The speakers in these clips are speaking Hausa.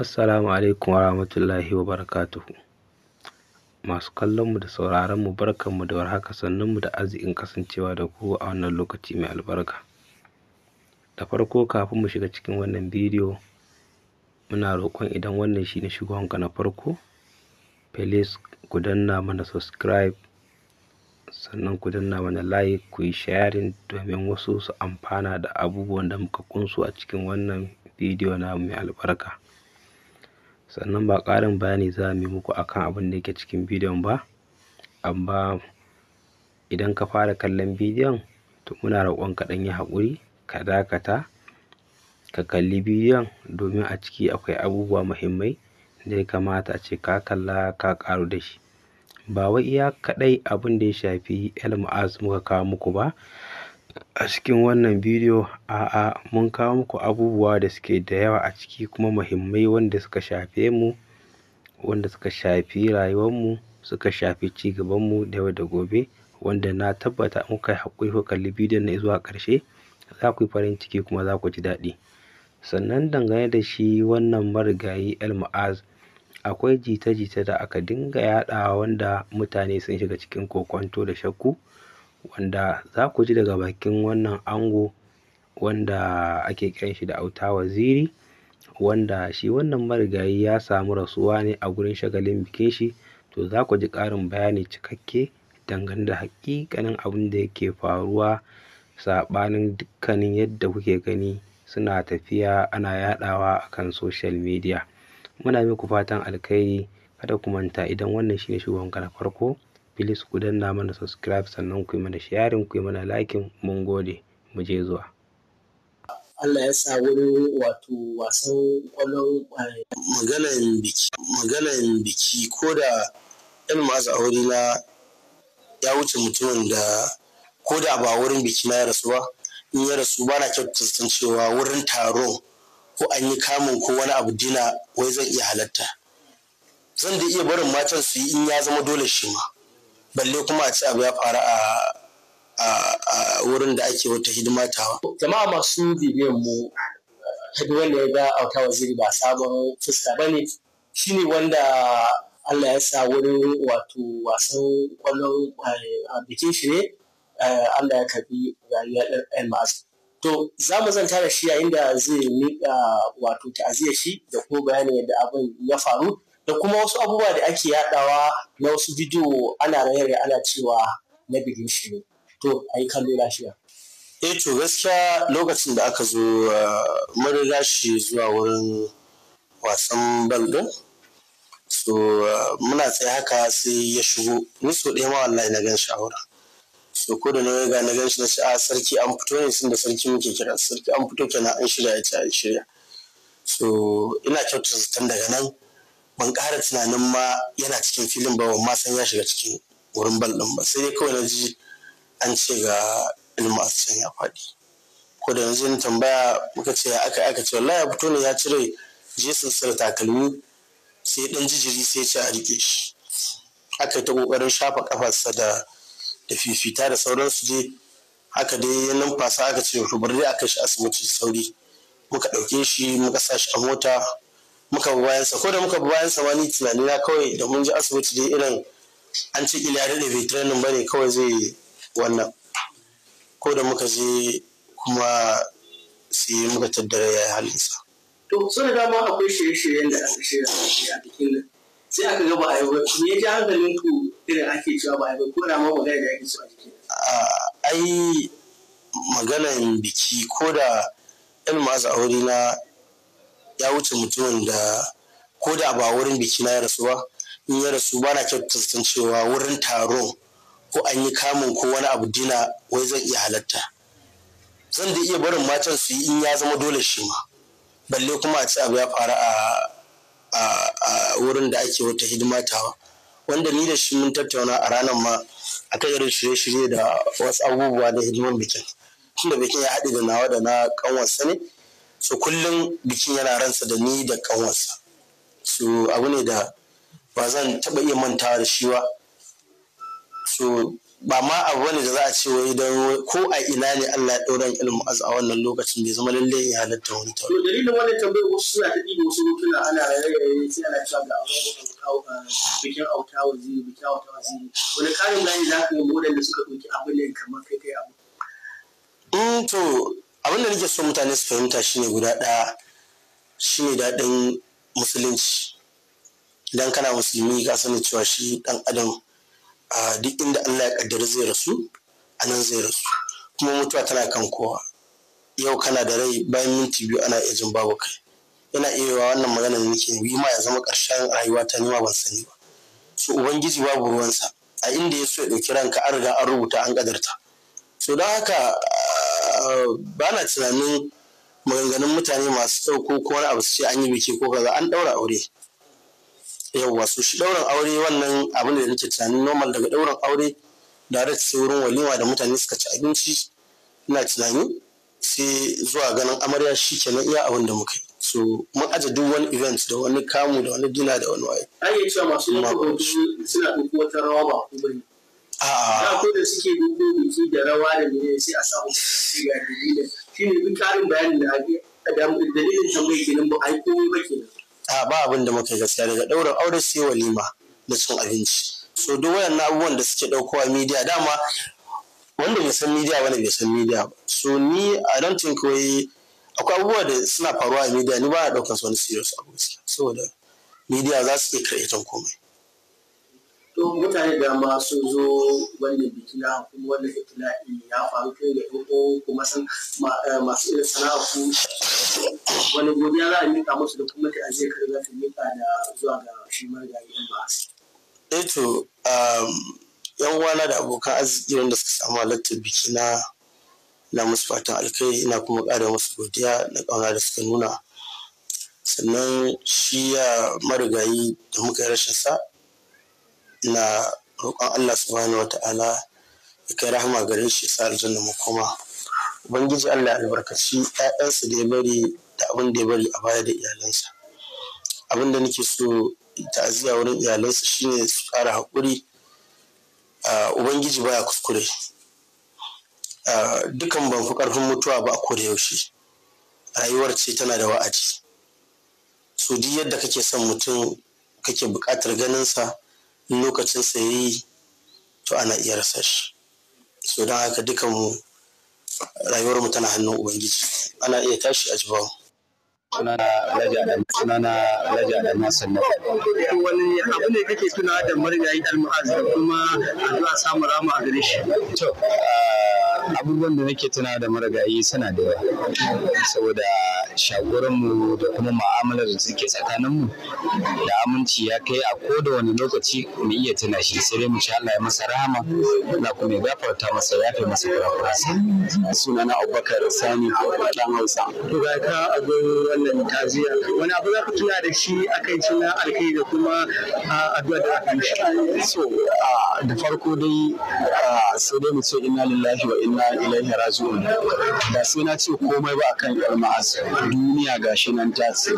Assalamu alaikum warahmatullahi wabarakatuhu. Masu kallon mu da mu sauraronmu mu da warhaka mu da arzikin kasancewa da ku a wannan lokaci mai albarka. Da farko kafin mu shiga cikin wannan bidiyo muna roƙon idan wannan shine shigowanka na farko please ku danna mana subscribe sannan ku danna mana like ku yi sharing domin wasu su amfana da abubuwan da muka kunsu a cikin wannan bidiyo na mai albarka. sannan ba ƙarin bayani za mu yi muku akan abin da yake cikin bidiyon ba amma idan ka fara kallon bidiyon to muna roƙon ka ɗan yi haƙuri ka dakata ka kalli bidiyon domin a ciki akwai abubuwa muhimmai da ya kamata a ce ka kalla ka ƙaru da shi ba wai iya kaɗai abin da ya shafi lmaas muka kawo muku ba A cikin wannan bidiyo, a'a, mun kawo muku abubuwa da suke da yawa a ciki kuma muhimmai wanda suka shafe mu, wanda suka shafi rayuwar mu, suka shafi cigaban mu da yau da gobe, wanda na tabbata in kuka yi haƙuri kuka kalli bidiyon nan zuwa ƙarshe, za ku yi farin ciki kuma za ku ji daɗi. Sannan dangane da shi wannan marigayi El Mu'az, akwai jita-jita da aka dinga yaɗawa wanda mutane sun shiga cikin kokwanto da shakku wanda za ku ji daga bakin wannan ango wanda ake kiran shi da auta waziri wanda shi wannan marigayi ya samu rasuwa ne a gurin shagalin bikin shi to za ku ji ƙarin bayani cikakke dangane da haƙiƙanin abin da yake faruwa saɓanin dukkanin yadda kuke gani suna tafiya ana yaɗawa kan social media muna muku fatan alkhairi kada ku manta idan wannan shi ne shugabanka na farko please ku danna mana subscribe sannan ku yi mana sharing ku yi mana liking mun gode mu je zuwa Allah ya sa wurin wato wasan kwallon eh, maganan biki maganan biki ko da yan masu aure na ya wuce mutumin da ko da ba wurin biki na ya rasu ba in ya rasu ba na kyautata cewa wurin taro ko an yi kamun ko wani abu dina wai zan iya halatta zan da iya barin matan su yi in ya zama dole shi ma balle kuma a ce abu ya faru a wurin da ake wata hidima ta jama'a masu bibiyan mu duk wanda ya ga auta waziri ba sabon fuska ba ne shine wanda Allah ya sa wurin wato wasan kwallon a eh, bikin shi ne eh, Allah ya karbi rayuwar ɗan masu To za mu zanta da shi yayin da zai miƙa wato ta'aziyar shi da ko bayani yadda abin ya faru da kuma wasu abubuwa da ake yadawa na wasu bidiyo ana raye ana cewa na bigin shi ne to a yi kallo lafiya eh to gaskiya lokacin da aka zo uh, mara lashi zuwa wurin wasan bal so uh, muna tsaye haka sai ya shigo ni so ɗaya ma wallahi na gan shi a wurin so ko da na ga na gan shi na ce a ah, sarki an fito ne sun da sarki muke kira sarki an fito kenan an shirya ya ce an shirya so ina kyautata daga nan ban ƙara tunanin ma yana cikin filin ba ma san ya shiga cikin wurin bal ɗin ba sai dai kawai na ji an ce ga ilmu asusun ya faɗi ko da yanzu tambaya muka ce aka aka ce wallahi ya fito ne ya cire jesin sir takalmi sai dan jijiri sai ce a rike shi aka yi ta kokarin shafa kafarsa da da fifita da sauransu je haka dai ya numfasa aka ce rubar dai aka shi asibiti sauri muka ɗauke shi muka sa shi a mota muka bi bayansa ko da muka bi bayansa ma ni tunani na kawai da mun ji asibiti dai irin an ce ila da bai trenin ba ne kawai zai wannan ko da muka je kuma sai muka tattara ya yi halinsa. to so da dama akwai shirye-shiryen da aka shirya a bikin nan sai aka ga ba a yi ba me ya ji hankalin ku irin ake cewa ba a yi ba ko da ma magana da ake so a jikin ai maganan biki ko da ilmu a aure na ya wuce mutumin da ko da ba wurin biki na ya rasu ba in ya rasu ba na cewa wurin taro ko an yi kamun ko wani abu dina wai zan iya halatta zan da iya barin matan su yi in ya zama dole shi ma balle kuma a ci abu ya faru a wurin da ake wata hidima tawa wanda ni da shi mun tattauna a ranar ma a kan irin shirye-shirye da wasu abubuwa da hidiman bikin tunda bikin ya haɗu da nawa da na kanwar ne so kullum bikin yana ransa da ni da ƙanwarsa so abu ne da ba zan taɓa iya mantawa da shi ba so ba ma abu ne da za a ce wai don ko a ina ne Allah ya ɗauran ilmu az a wannan lokacin bai zama lallai ya halatta wani To Dalilin wannan tambayar wasu suna ta da wasu mutuna ana rayaye sai ana cewa ga auren bikin auta waziri bikin auta waziri wani ƙarin bayani za ka yi wadanda suka ɗauki abin ne kamar kai kai abu. Mm, to abin da nake so mutane su fahimta shine guda ɗaya shine daɗin musulunci idan kana musulmi ka sani cewa shi ɗan adam a duk inda Allah ya kaddara zai rasu a nan zai rasu kuma mutuwa tana kan kowa yau kana da rai bayan minti biyu ana iya jin babu kai yana iya wannan magana da nake yi ma ya zama ƙarshen rayuwa ta nima ban sani ba so ubangiji babu ruwansa a inda ya so ya ɗauki ranka an riga an rubuta an kadarta so don haka ba na tunanin maganganun mutane masu kyau ko kuma abu su ce an yi biki ko kaza an ɗaura aure yawwa su shi ɗaurin aure wannan abin da nake tunanin normal daga ɗaurin aure da sai wurin walima da mutane suka ci abinci ina tunani sai zuwa ganin amarya shi kenan iya abin da muka yi so mun aje duk wani event da wani kamu da wani dina da wani waye. Ai ya cewa masu yin suna duk wata rawa ba ku bane. da ko da suke dubo biki da rawa da mene sai a samu sai ga dalilin shi ne duk karin bayanin da ake dalilin tambayi kenan ba ai komai ba kenan a ba abin da muka gaskiya daga ɗaurin aure sai walima da cin abinci so duk na abubuwan da suke ɗaukowa midiya dama wanda bai san midiya wani bai san midiya ba so ni a don think akwai abubuwa da suna faruwa a midiya ni ba na ɗaukar su wani serious abu gaskiya saboda midiya za su iya creating komai to mutane da ma sun zo wannan biki na kuma wannan ibtila'i ya faru kai da ɗauko kuma san eh, masu irin sana'a ku wani godiya za a miƙa musu da kuma ta ajiye kar za ta miƙa da zuwa ga shi marigayi ɗan ba eh to um, yan uwana da abokan arziki wanda suka samu halartar biki na na musu fatan alkai ina kuma ƙara musu godiya na ƙauna da suka nuna sannan shi ya uh, marigayi da muka yi rashin sa ina roƙon Allah subhanahu wa ta'ala ya kai rahama gare shi sa aljanna mu koma ubangiji Allah albarkaci ƴaƴansa da ya bari da abin da ya bari a baya da iyalansa abin da nake so ta'aziya wurin iyalansa shine su ƙara haƙuri ubangiji baya kuskure dukan ban fi ƙarfin mutuwa ba a koda yaushe rayuwar ce tana da wa'adi so duk yadda kake son mutum kake buƙatar ganin sa lokacin sa yayi to ana iya rasa shi so don haka dukan mu rayuwar mu tana hannun ubangiji ana iya tashi a jibawa sunana Alhaji Adam sunana Alhaji Adam Hassan na wani abu ne kake tuna da marigayi almu'az da kuma addu'a samu rama a gare shi to ah, abubuwan da nake tuna da marigayi suna da yawa saboda shagoranmu da kuma ma'amalar da suke tsakaninmu da aminci ya kai a ko da wani lokaci mu iya tuna shi sai dai mu ci Allah ya masa rahama Allah kuma ya gafarta masa ya fi masa kurakurasa sunana Abubakar Sani dan Hausa to ga ka abin wannan taziya wani abu za ku tuna da shi akan cin alkai da kuma addu'a da aka yi so da farko dai sai dai mu ce inna lillahi wa inna ilaihi raji'un ba sai na ce komai ba akan yar ma'as duniya shi nan ta ce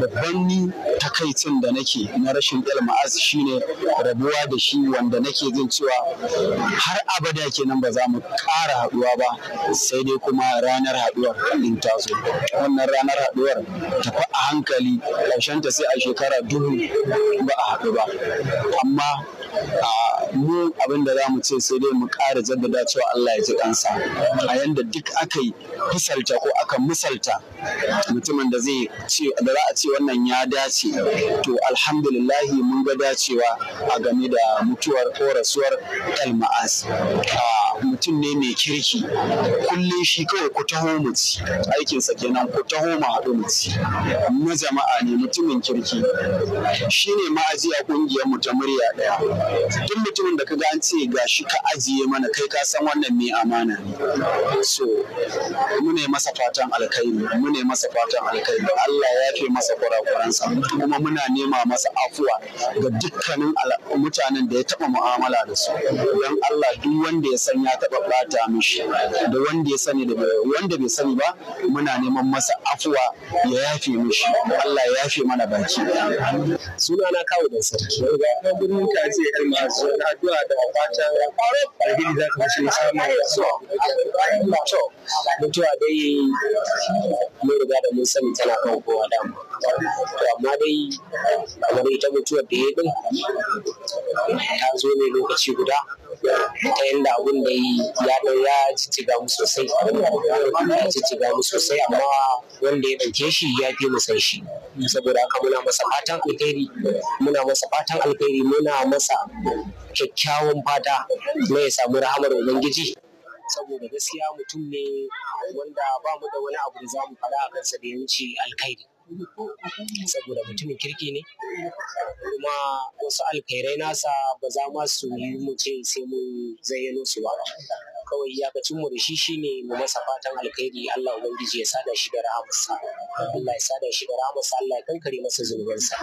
babban ni takaicin da nake na rashin shi shine rabuwa da shi wanda nake jin cewa har abada kenan ba za mu ƙara haɗuwa ba sai dai kuma ranar haɗuwar in taso wannan ranar haɗuwar tafi a hankali ta sai a shekara duhu ba a haɗu ba amma a mu abin da za mu ce sai dai mu ƙara jaddada cewa Allah ya ji kansa a yanda duk aka yi misalta ko aka misalta mutumin da zai ce da za a ce wannan ya dace to alhamdulillahi mun ga dacewa a game da mutuwar ko rasuwar al-ma'as mutum ne mai kirki kullum shi kawai ku taho mu ci aikinsa kenan ku taho mu haɗu mu ci na jama'a ne mutumin kirki shine ma'ajiya kungiyar mu ta murya ɗaya duk mutumin da kaga an ce ga shi ka ajiye mana kai ka san wannan mai amana ne so ne masa fatan alkhairi ne masa fatan alkhairi Allah ya fi masa kurakuransa kuma muna nema masa afuwa ga dukkanin mutanen da ya taɓa mu'amala da su don Allah duk wanda ya san ya taɓa ɓata mishi da wanda ya sani da wanda bai sani ba muna neman masa afuwa ya yafe mishi Allah ya yafe mana baki suna na kawo da sarki ga ɗan birnin ta ce masu addu'a da fatan alheri da ka fashe samun so to mutuwa dai mun riga da mun sani tana kan kowa da to amma dai kamar ita mutuwa da ya din ta zo ne lokaci guda ta yanda abin da akwai ya ya jijjiga mu sosai ya jijjiga mu sosai amma wanda ya ɗauke shi ya fi mu shi saboda haka muna masa fatan alkhairi muna masa fatan alkhairi muna masa kyakkyawan fata na ya samu rahamar ubangiji saboda gaskiya mutum ne wanda ba mu da wani abu da za mu faɗa a kansa da ya wuce alkhairi saboda mutumin kirki ne kuma wasu alkhairai nasa ba za ma su yi mutum sai mun zayyano su ba kawai iyakacin mu da shi shine mu masa fatan alkhairi Allah ubangiji ya sada shi da rahamarsa Allah ya sada shi da rahamarsa Allah ya kankare masa zunubansa